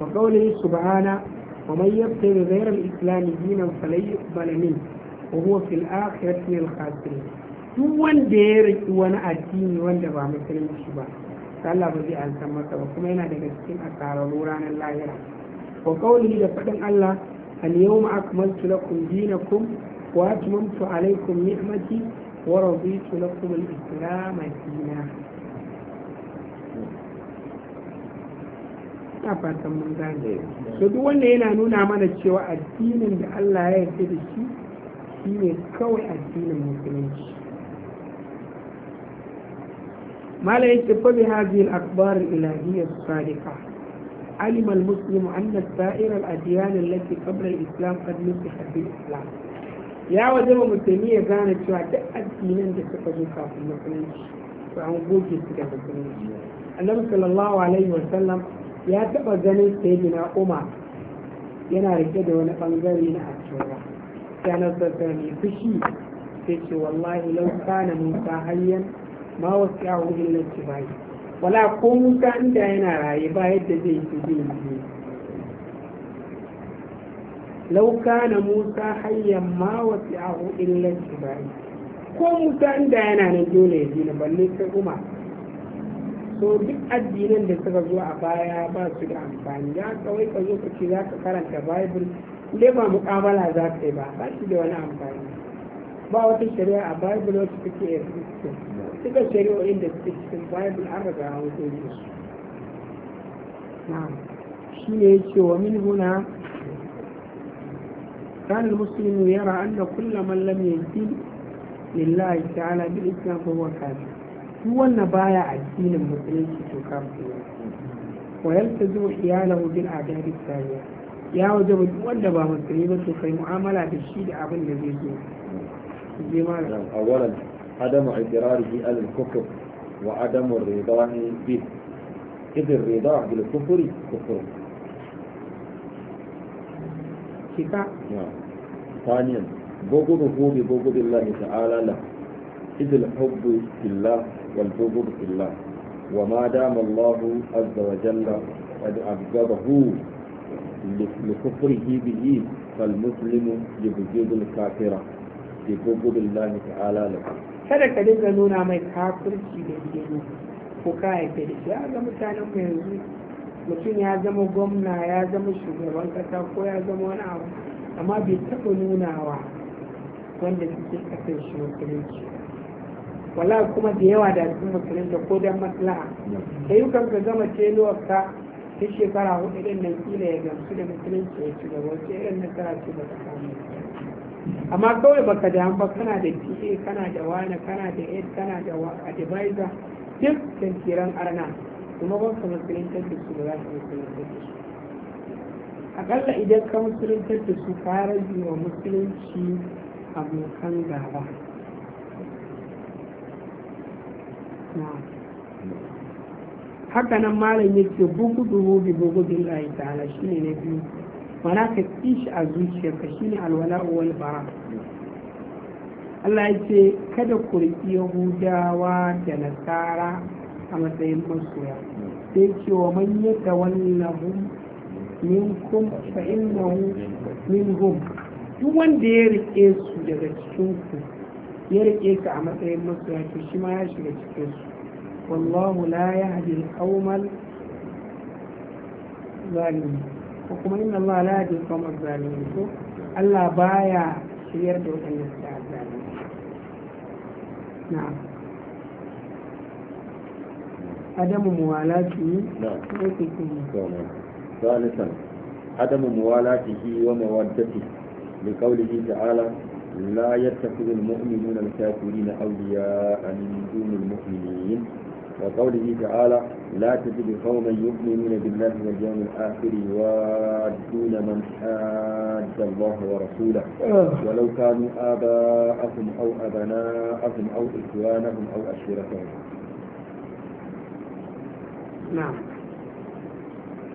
wa qawlihi subhana wa man yabtaghi ghayra al-islam dinan falan yuqbala minhu wa huwa fil akhirati min al-khasirin duk wanda ya riki wani addini wanda ba musulunci ba Allah ba zai alsan masa ba kuma yana daga cikin asararru ranar lahira wa qawlihi da faɗin Allah al yawma akmaltu lakum dinakum wa atmamtu alaykum ni'mati wa raditu lakum al islam dinan ta fatan mun gane to duk wanda yana nuna mana cewa addinin da Allah ya yarda da shi shine kawai addinin musulunci ما لا يتفى بهذه الأخبار الإلهية الصادقة علم المسلم أن سائر الأديان التي قبل الإسلام قد نسخت بالإسلام ya waje ba musulmi ya gane cewa duk addinan da suka zo kafin musulunci to an goge su da musulunci annabi sallallahu alaihi wasallam ya taba ganin sayyidina umar yana rike da wani bangare na ashura ya fushi sai wallahi lau musa hayyan ma wasu yawo ba tibai wala ko musa inda yana raye ba yadda zai yi zai yi lauka na musa hayyan ma wasu yawo ba tibai ko musa inda yana nan dole ya dina balle sai kuma so duk addinan da suka zo a baya ba su da amfani ya kawai ka zo ka ce za ka karanta bible dai ba mukamala za ka yi ba ba shi da wani amfani ba wata shari'a a bible wacce take existence dukkan shari'o'in da suke cikin bayan bil arba a wato ne su na'am shi ne yake wa min huna kan muslim yara anna kullu man lam yajid lillahi ta'ala bil islam fa huwa kafir duk wanda baya addinin musulunci to kafir ne wa yaltazimu iyalahu bil adabi tsariya ya waje ba duk wanda ba musulmi ba to kai mu'amala da shi da abin da zai zo zai mara a عدم اقراره على الكفر وعدم الرضا به إذ الرضا بالكفر كفر كفا نعم. ثانيا بغضه ببغض الله تعالى له إذ الحب في الله والبغض في الله وما دام الله عز وجل قد أبغضه لكفره به فالمسلم يبغض الكافر ببغض الله تعالى له kada ka dinga nuna mai kafirci da ke ko ka haife da shi ga mutanen mu yanzu mutum ya zama gwamna ya zama shugaban kasa ko ya zama wani abu amma bai taɓa nunawa wanda suke kasar shi musulunci wala kuma da yawa da sun musulunci ko don maslaha ayyukan ka gama teluwar ka ta shekara hudu din nan kila ya gamsu da musulunci ya ci gaba wacce irin nasara ce ba ta samu amma kawai baka da ba kana da ta kana da wani kana da aid kana da advisor duk tankiran arna kuma ba musulun musuluntar da su ba za su da su akalla idan ka musuluntar da su ka rage wa musulunci abokan gaba haka nan malam yake bugu bugu bugu bugu bugu bugu shine na biyu mana ka ƙi shi a zuciyarka Shi ne alwala wal bara Allah ya ce kada ku riƙi Yahudawa da Nasara a matsayin masoya sai ce wa man yata wallahum minkum fa innahu minhum duk wanda ya riƙe su daga cikin ku ya riƙe ka a matsayin masoya to shi ma ya shiga cikin su wallahu la yahdi al-qawmal zalimin kuma inna Allah la yadi kuma zalimin ko Allah baya shiryar da waɗanda suke azzalimi na'am عدم موالاته نعم ثالثا عدم موالاته ومودته لقوله تعالى لا يتخذ المؤمنون الكافرين أولياء من دون المؤمنين وقوله تعالى لا تجد قوما يؤمنون بالله واليوم الآخر يوادون من حاد الله ورسوله آه. ولو كانوا آباءهم أو أبناءهم أو إخوانهم أو أشيرتهم نعم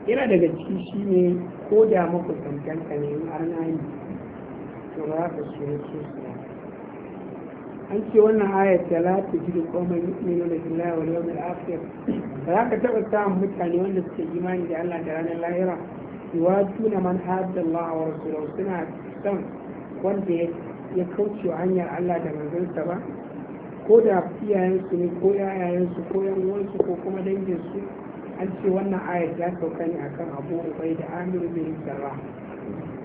yana daga ciki shi ne ko da makusantanka ne har na yi to ba ka an ce wannan ayar ta la ta jiru komai mu'minu da wa yau mai afiyar ba za ka taɓa samun mutane wanda suke imani da Allah da ranar lahira yuwatu tuna man haɗa Allah suna son wanda ya kauce wa hanyar Allah da manzansa ba ko da iyayensu ne ko yayayensu ko yan ko kuma danginsu an ce wannan ayar ta sauka ne akan Abu Ubai da Amir mai Jarrah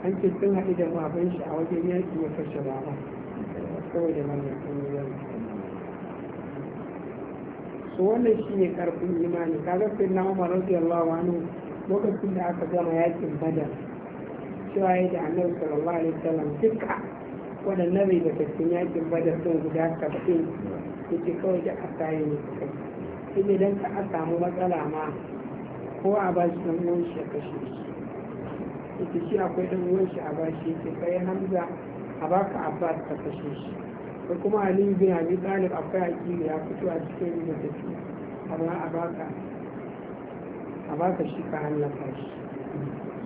an ce sun haɗu da baban shi a wajen yaƙi wata kashe baba saboda wannan hanyoyin su wannan shi ne karfin imani kaga sai na umar radiyallahu wani lokacin da aka gama yakin badar cewa ya da annabi sallallahu alaihi wasallam duka waɗannan bai da cikin yakin badar sun guda karfin da ke kawai da aka yi ne kai shi ne don ka a samu matsala ma ko a ba shi ɗan uwan shi ya kashe shi ita shi akwai ɗan uwan shi a ba shi ke kai hamza a baka abbas ka kashe shi ko kuma ali bin abi talib akwai akili ya fito a cikin da take amma a baka a baka shi ka hallaka shi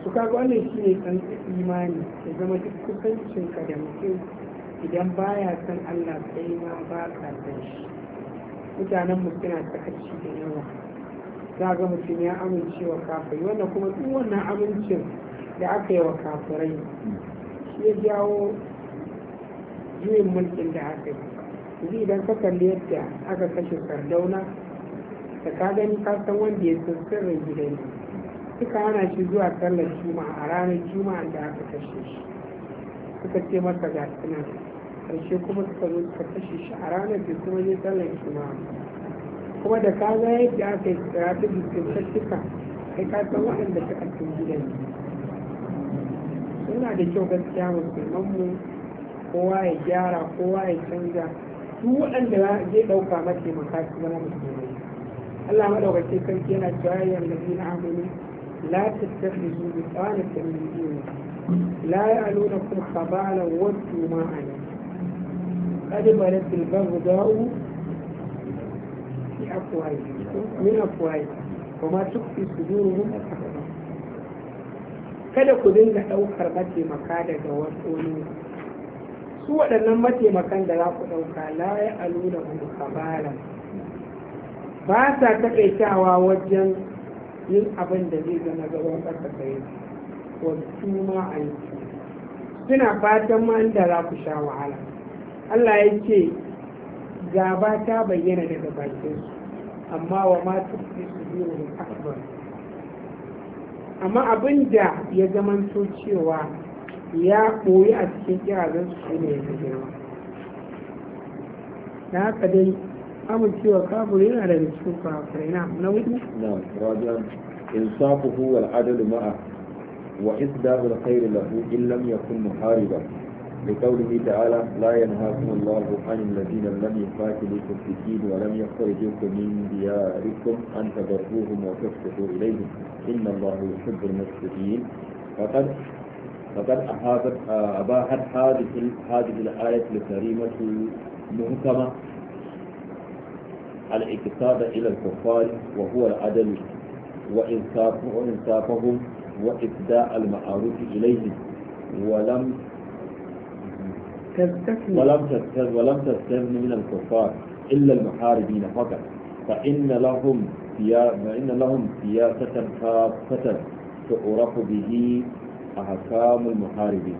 su kaga wannan shi ne san imani ya zama duk kusancin ka da mutum idan baya san Allah sai ma ba ka san shi mutanen mu suna sakaci da yawa za ga mutum ya amincewa kafai wannan kuma duk wannan amincin da aka yi wa kafirai ya jawo juyin mulkin da aka yi yanzu idan ka kalli yadda aka kashe sardauna da ka gani ka san wanda ya san sirrin gidan suka hana shi zuwa sallar juma'a a ranar juma'a da aka kashe shi suka ce masa ga sunan karshe kuma suka zo suka kashe shi a ranar da kuma yi sallar juma'a kuma da ka ga yadda aka yi tsirata biskintattuka kai ka san waɗanda suka cin gidan ne suna da kyau gaskiya mu kowa ya gyara kowa ya canza duk waɗanda zai ɗauka mataimaka su zama musulmai Allah madaukake sarki yana cewa ya nabi na amini la tattakhidhu bi qanatin min dini la ya'lunakum khabala waddu ma ana qad barat al baghdau fi afwahi min afwahi kuma tukfi suduruhum kada ku dinga ɗaukar mataimaka daga wasu su waɗannan mataimakan da za ku ɗauka la ya aluna ku kabara ba sa taƙaitawa wajen yin abin da zai zama gaban ƙasa kai su ma a yi suna fatan ma inda za ku sha wahala Allah ya ce gaba ta bayyana daga bakinsu amma wa ma tufi su biyu akbar amma abin da ya zamanto cewa ya koyi a cikin kirazin su shi ne ya fi girma da haka dai amincewa kafin yana da cikin kurakurai na na wuce? na rajan insafuhu wal adalu ma'a wa isdahu alkhairu lahu in lam yakun muhariba لقوله تعالى لا ينهاكم الله عن الذين لم يقاتلوكم في الدين ولم يخرجوكم من دياركم أن تبروهم وتفتحوا إليهم إن الله يحب المفسدين فقد فقد أحاطت أباحت هذه هذه الآية الكريمة المحكمة الاقتصاد إلى الكفار وهو العدل وإنصافهم وإبداء المعروف إليهم ولم ولم تستغن ولم تستغن من الكفار إلا المحاربين فقط فإن لهم فإن لهم سياسة خاصة تعرف به أحكام المحاربين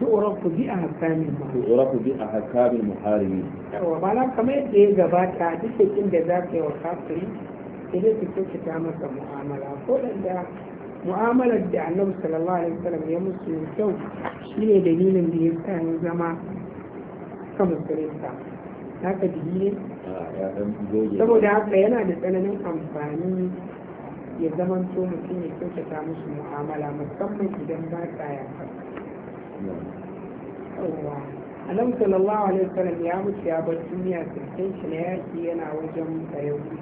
تعرف بأحكام المحاربين تعرف بأحكام المحاربين وبعلا كما يدعي جباتا تشكين جزاك وكافرين إذا تشكي تعمل معاملة فولا mu'amalar da annabi sallallahu alaihi wasallam ya musu kyau shine dalilin da ya sa ya zama ka musulunta haka dalilin saboda haka yana da tsananin amfani ya zama to mutum ya kyautata musu mu'amala musamman idan ba ta ya a nan sallallahu alaihi wasallam ya mutu ya bar duniya sirkin shi na yaki yana wajen bayani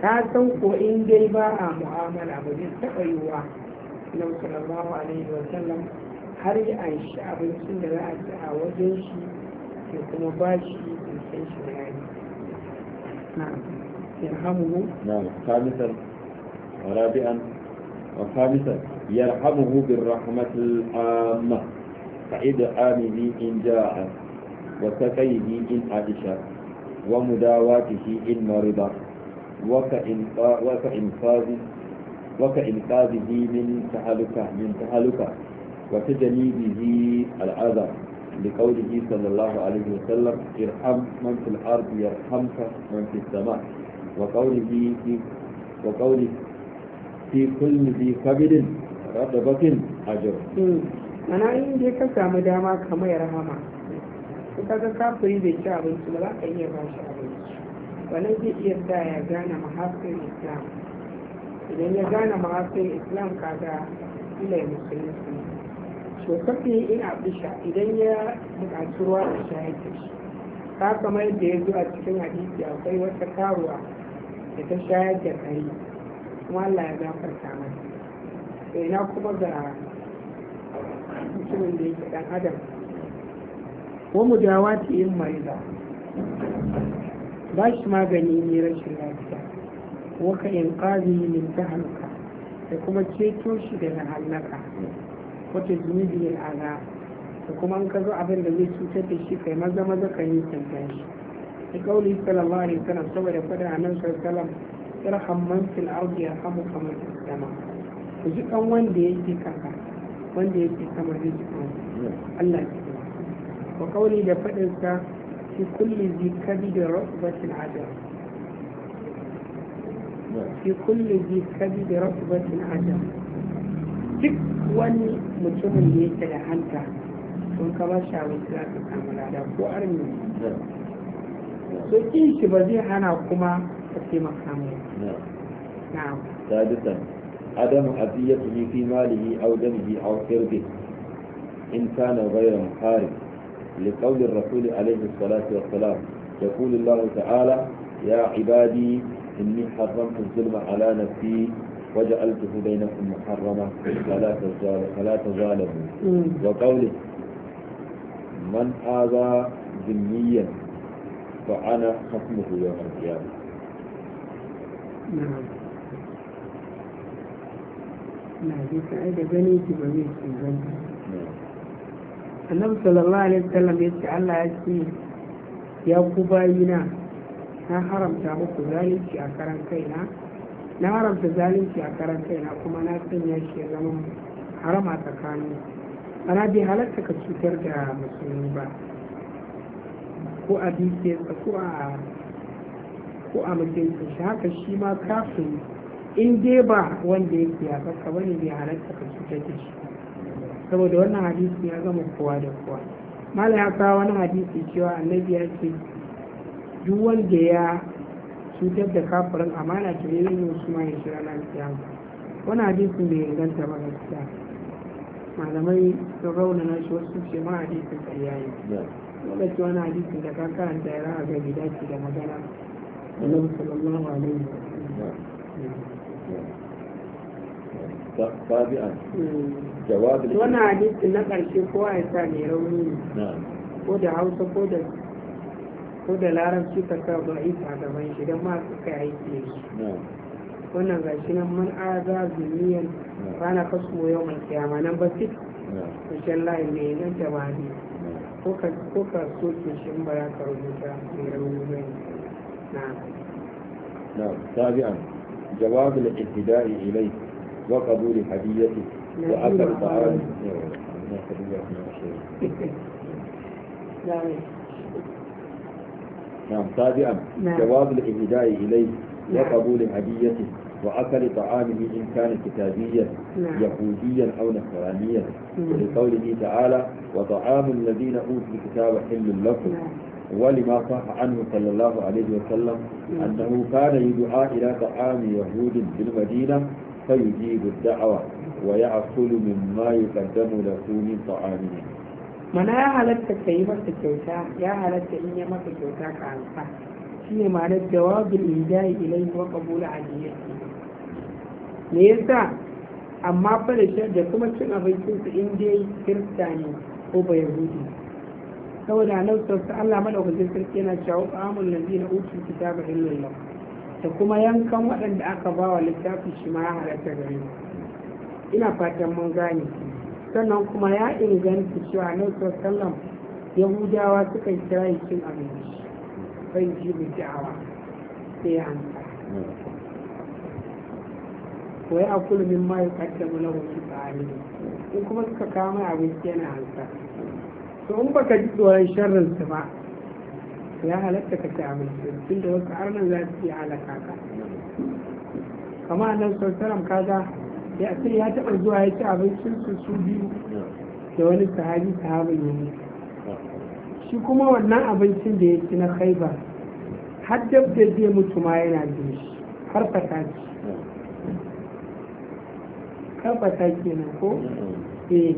ka san ko in dai ba a mu'amala ba zai taɓa yiwuwa nan sallallahu alaihi wasallam har yi an shi abincin da za a ci a wajen shi ya kuma ba shi sirkin shi na yaki na'am na'am رابعا وخامسا يرحمه بالرحمة العامة عامه إن جاء وسقيه إن عائشة ومداواته إن مرض وكإنقاذه وكإنقاذه من تهلكة من تهلكة وتجنيبه الأذى لقوله صلى الله عليه وسلم ارحم من في الأرض يرحمك من في السماء وقوله وقوله fi kulli bi kabidin radabatin ajr hmm. ana yin dai ka samu dama ka mai rahama ka ga kafiri bai ci abinci ba za ka iya ba shi abinci wannan zai iya sa ya gane mahaifin islam idan ya gane mahaifin islam kaga ila musulunci to kafin in abisha idan ya buƙaci ruwa da da shi ka kamar da ya zo a cikin hadisi akwai wata karuwa da ta shayar da kare kuma Allah ya gafarta masa to eh, ina kuma ga mutumin da yake dan adam wa mu dawa ta yin mariza ba shi magani ne rashin lafiya wa ka yi min tahalluka da kuma ceto shi daga halaka wata zunubi ga da kuma an ka zo abin da zai cutar da shi kai maza maza kan yi tantan shi da kauli sallallahu alaihi wasallam saboda fada nan sallallahu irham man fil ardi yarhamuka man fis sama ku ji kan wanda yake kanka wanda yake sama zai ji kan Allah ya ji wa kauli da fadin sa fi kulli zi da rutbatin ajab fi kulli zi da rutbatin ajab duk wani mutumin da yake da hanta sun ka ba shi abin za da samu lada ko armi so kin shi ba zai hana kuma في مقامه نعم, نعم. سادسا عدم أذيته في ماله أو دمه أو قربه إن كان غير محارب لقول الرسول عليه الصلاة والسلام يقول الله تعالى يا عبادي إني حرمت الظلم على نفسي وجعلته بينكم محرما فلا تزال فلا تظالموا وقوله من آذى ذميا فأنا خصمه يوم القيامة na ji sa'ai da gani ki ba zai ce gani annabi sallallahu alaihi wasallam ya ce Allah ya ce ya ku bayina na haramta muku zalunci a karan kaina na haramta zalunci a karan kaina kuma na sanya shi ya zama harama tsakanin ana bi halatta ka cutar da musulmi ba ko a ke ko a ko a matsayin shi haka shi ma kafin in dai ba wanda yake ya baka bane bai halatta ka cuta da shi saboda wannan hadisi ya gama kowa da kowa malam ya kawo wani hadisi cewa annabi ya ce duk wanda ya cutar da kafirin amana ta yi yin wasu ma ya shira na kiyama wani hadisi bai inganta ba gaskiya malamai sun na shi wasu ce ma hadisin ƙarya ne lokaci wani hadisin da ka karanta ya rana ga gida ce da magana annabi sallallahu alaihi tabi'an jawabin wannan hadisi na karshe ko a yasa ne rauni ne ko da hausa ko da ko da larabci ka sa ba isa gaban shi don ma suka aiki ne wannan gashi nan man aza zuniyan rana kasu yau mai kiyama nan ba fit kushen layi ne nan da ba ko ka soke shi ba ya ka rubuta mai rauni ne نعم نعم سابعا جواب الاهتداء إليه وقبول هديته نعم. وأثر نعم. طعامه نعم سابعا نعم. جواب الاهتداء إليه وقبول هديته وأكل طعامه إن كان كتابيا يهوديا أو نصرانيا ولقوله تعالى وطعام الذين أوتوا الكتاب حل لكم ولما صح عنه صلى الله عليه وسلم أنه كان يدعى إلى طعام يهود بالمدينة فيجيب الدعوة ويعقل مما يقدم له من طعامهم mana ya halatta ka yi masa kyauta ya halatta in ya masa kyauta ka amsa shi ne ma'anar jawabin ijayi ilai wa kabula aliyyati me yasa amma fa da kuma cin abincinsa in dai kirista ne ko bayan hudu. saboda nan sassa Allah madaukakin sarki yana cewa amul ladina utul kitaba illallah da kuma yankan waɗanda aka ba wa littafin shi ma ya halatta gare ina fatan mun gane sannan kuma ya inganta cewa nan sallam yahudawa suka yi kira cin abinci bai ji mu da'awa sai ya hanta wai a min ma ya kaddamu lahu fi ta'ali in kuma suka kama abinci yana hanta to in baka ji tsoron sharrin su ba ya halatta ka ci abinci tun da wasu arnan za su iya halaka ka kama nan sautaram kaza ya ce ya taɓa zuwa ya ci abincin su su biyu da wani sahabi sahabin yi shi kuma wannan abincin da ya ci na khaibar har dab da zai mutu ma yana jin shi har fataki kan fataki ne ko eh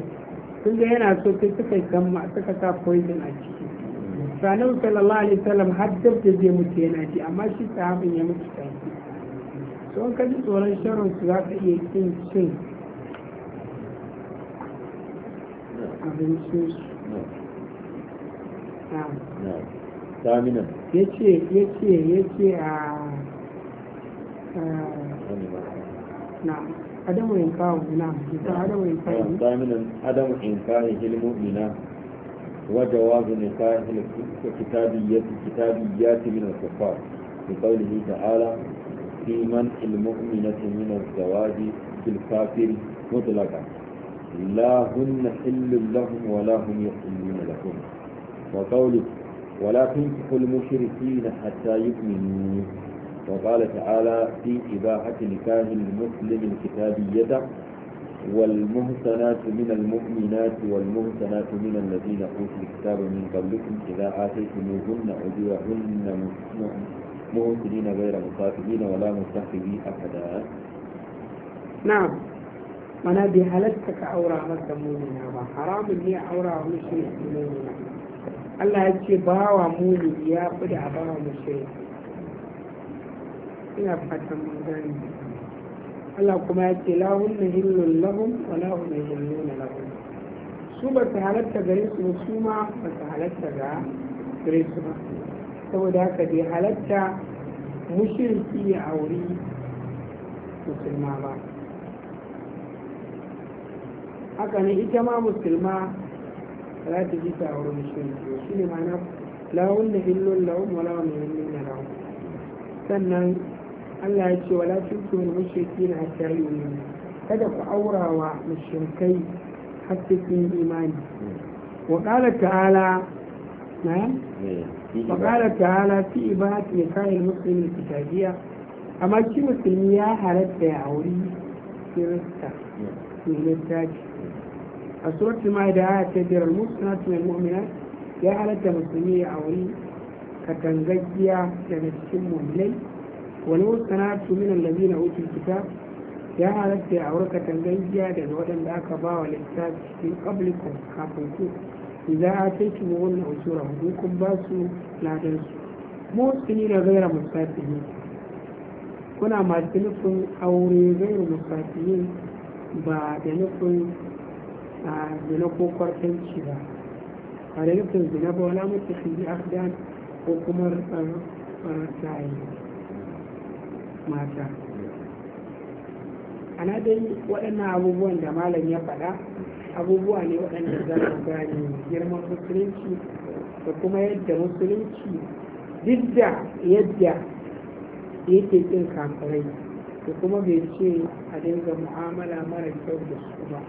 sun ga yana so sai suka gamma suka sa poison a ciki sanin sallallahu alaihi wasallam har dab da zai mutu yana ji amma shi sahabin ya mutu ta so in ka ji tsoron sharon su za ka iya kin cin abincin Ya ce, ya ce, ya ce a... Ah, ah, Na. adam in adam in kawo ina zaminin adam in kawo ilmu ina wajen wazo ne ta hilfi kitabi ya fi kitabi ya fi min alfafa da kawai ne ta ala iman ilmu ina ta min alzawaji filfafir mutulaka lahun illin lahun wa lahun ya ilmu na lahun wa kawai وقال تعالى في إباحة نكاح المسلم الكتابية والمهسنات من المؤمنات والمهسنات من الذين أوتوا الكتاب من قبلكم إذا آتيتموهن أجورهن مهسنين غير مصافحين ولا مستحفظين أبدا نعم أنا bai halatta ka aura masa mumina ba haramun ne aura wa mushriki mumina Allah ya ce bawa mumini ya fi يبحث عن مدان ألا كما يتلاهن هل لهم ولا هم يهلون لهم سوبا تهالت تغريس رسوما فتهالت تغريس رسوما سوى ذاك دي هالت تغريس في عوري مسلما با أكن إجماع مسلما لا تجي تعور مسلما شنو معنى لا هن هل لهم ولا هم يهلون لهم سنن Allah ya ce wala tunkihul mushrikina hatta ne. kada ku aurawa mushrikai har sai imani wa qala ta'ala na wa qala ta'ala fi ibadati nikahil muslimin kitabiyya amma shi musulmi ya halatta ya auri kirista ne littafi a suratul maida ya ce biyar musulmatu mai mu'mina ya halatta musulmi ya auri katangaggiya daga cikin mu'minai wani mustanatu min allazina utul kitab ya halatta ya aure katangajiya daga waɗanda aka ba wa littafi cikin kafin ku idan a kai ki wannan kun ba su ladan su mutsini da gaira mustafihi kuna masu nufin aure gairu mustafihi ba da nufin zina ko kwartanci ba ba da nufin zina ba wala mutu fi akdan ko kuma tsaye mata ana dai waɗannan abubuwan da malam ya faɗa abubuwa ne waɗanda za su gane girman musulunci da kuma yadda musulunci duk da yadda yake ƙin kafirai da kuma bai ce a dinga mu'amala mara kyau da su ba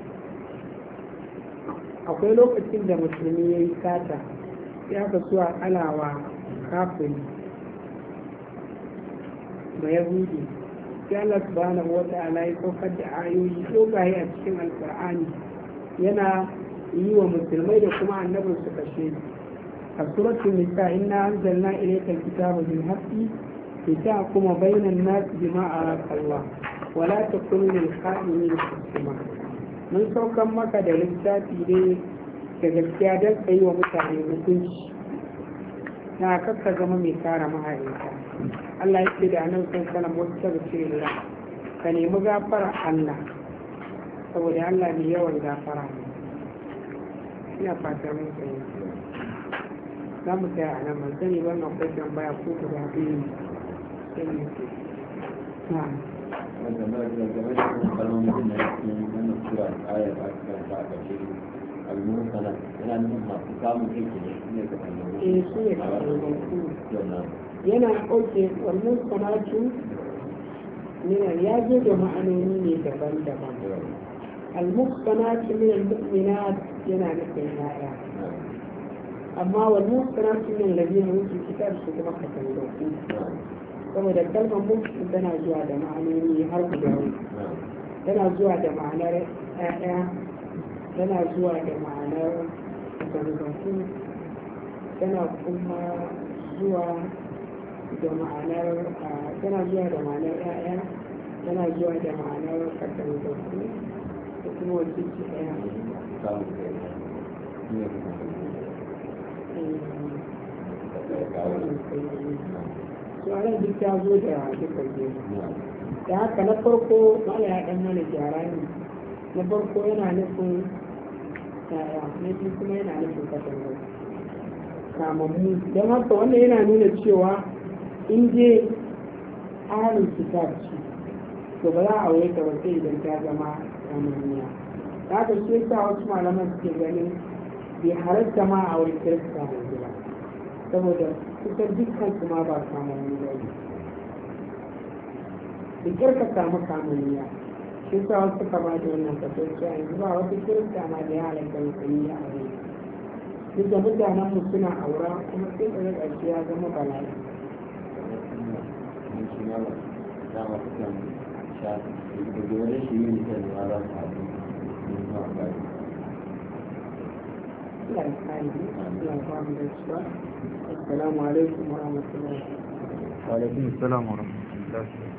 akwai lokacin da musulmi ya yi sata ya kasu alawa kafiri ba yahudi sai Allah subhanahu wa ta'ala ya saukar da ayoyi dogaye a cikin alkur'ani yana yi wa musulmai da kuma annabin su kashe a suratul nisa inna anzalna ilayka alkitaba bil haqqi لتحكم بين الناس بما أراك الله ولا haɗin yin حكما Mun saukan maka da littafi ne da gaskiya don ka yi wa mutane mutunci na kakka zama mai kara mahaifa Allah ya ce da annabi sallallahu alaihi wasallam da ka nemi gafara Allah saboda Allah ne yawan gafara ina fata mun sani za mu tsaya a nan ban sani wannan kwaikin ba ko guda biyu ne sai mu ce المرسلات يعني ما تقام yana ɗauke wannan salatu yana ya zo da ma'anoni ne daban-daban al-muqtanatu min al yana nufin yaya amma wannan salatu min ladina wuce kitab su kuma ka ku. saboda kalmar mulki tana zuwa da ma'anoni har guda tana zuwa da ma'anar ƴaƴa tana zuwa da ma'anar zanzanku tana kuma zuwa da ma'anar tana zuwa da ma'anar ya'ya tana zuwa da ma'anar kakan da da kuma wasu ke ɗaya su ana duk ta zo da duka da haka na farko mala ya ɗan mana gyara ne na farko yana nufin yaya na biyu kuma yana nufin ƙasar kasan kamammu don haka wannan yana nuna cewa in dai ahalin kitab ce to ba za a aure ta ba sai idan ta zama ramaniya ta ga shi yasa wasu malaman suke ganin bai halatta ma a aure kirista yanzu ba saboda kusan dukkan su ma ba kamar ba ne da kirka samu kamaniya shi sa wasu suka ba da wannan kasance a yanzu ba wata kirka ma da ya halatta musulmi a wani duk da mutanen mu suna aura kuma sai da ya zama bala'i sun shi ma dama sukan sha daga wajen shi yin da ma za su haɗu ne ma ba yi Allah ya kare mu, Allah ya ba mu wa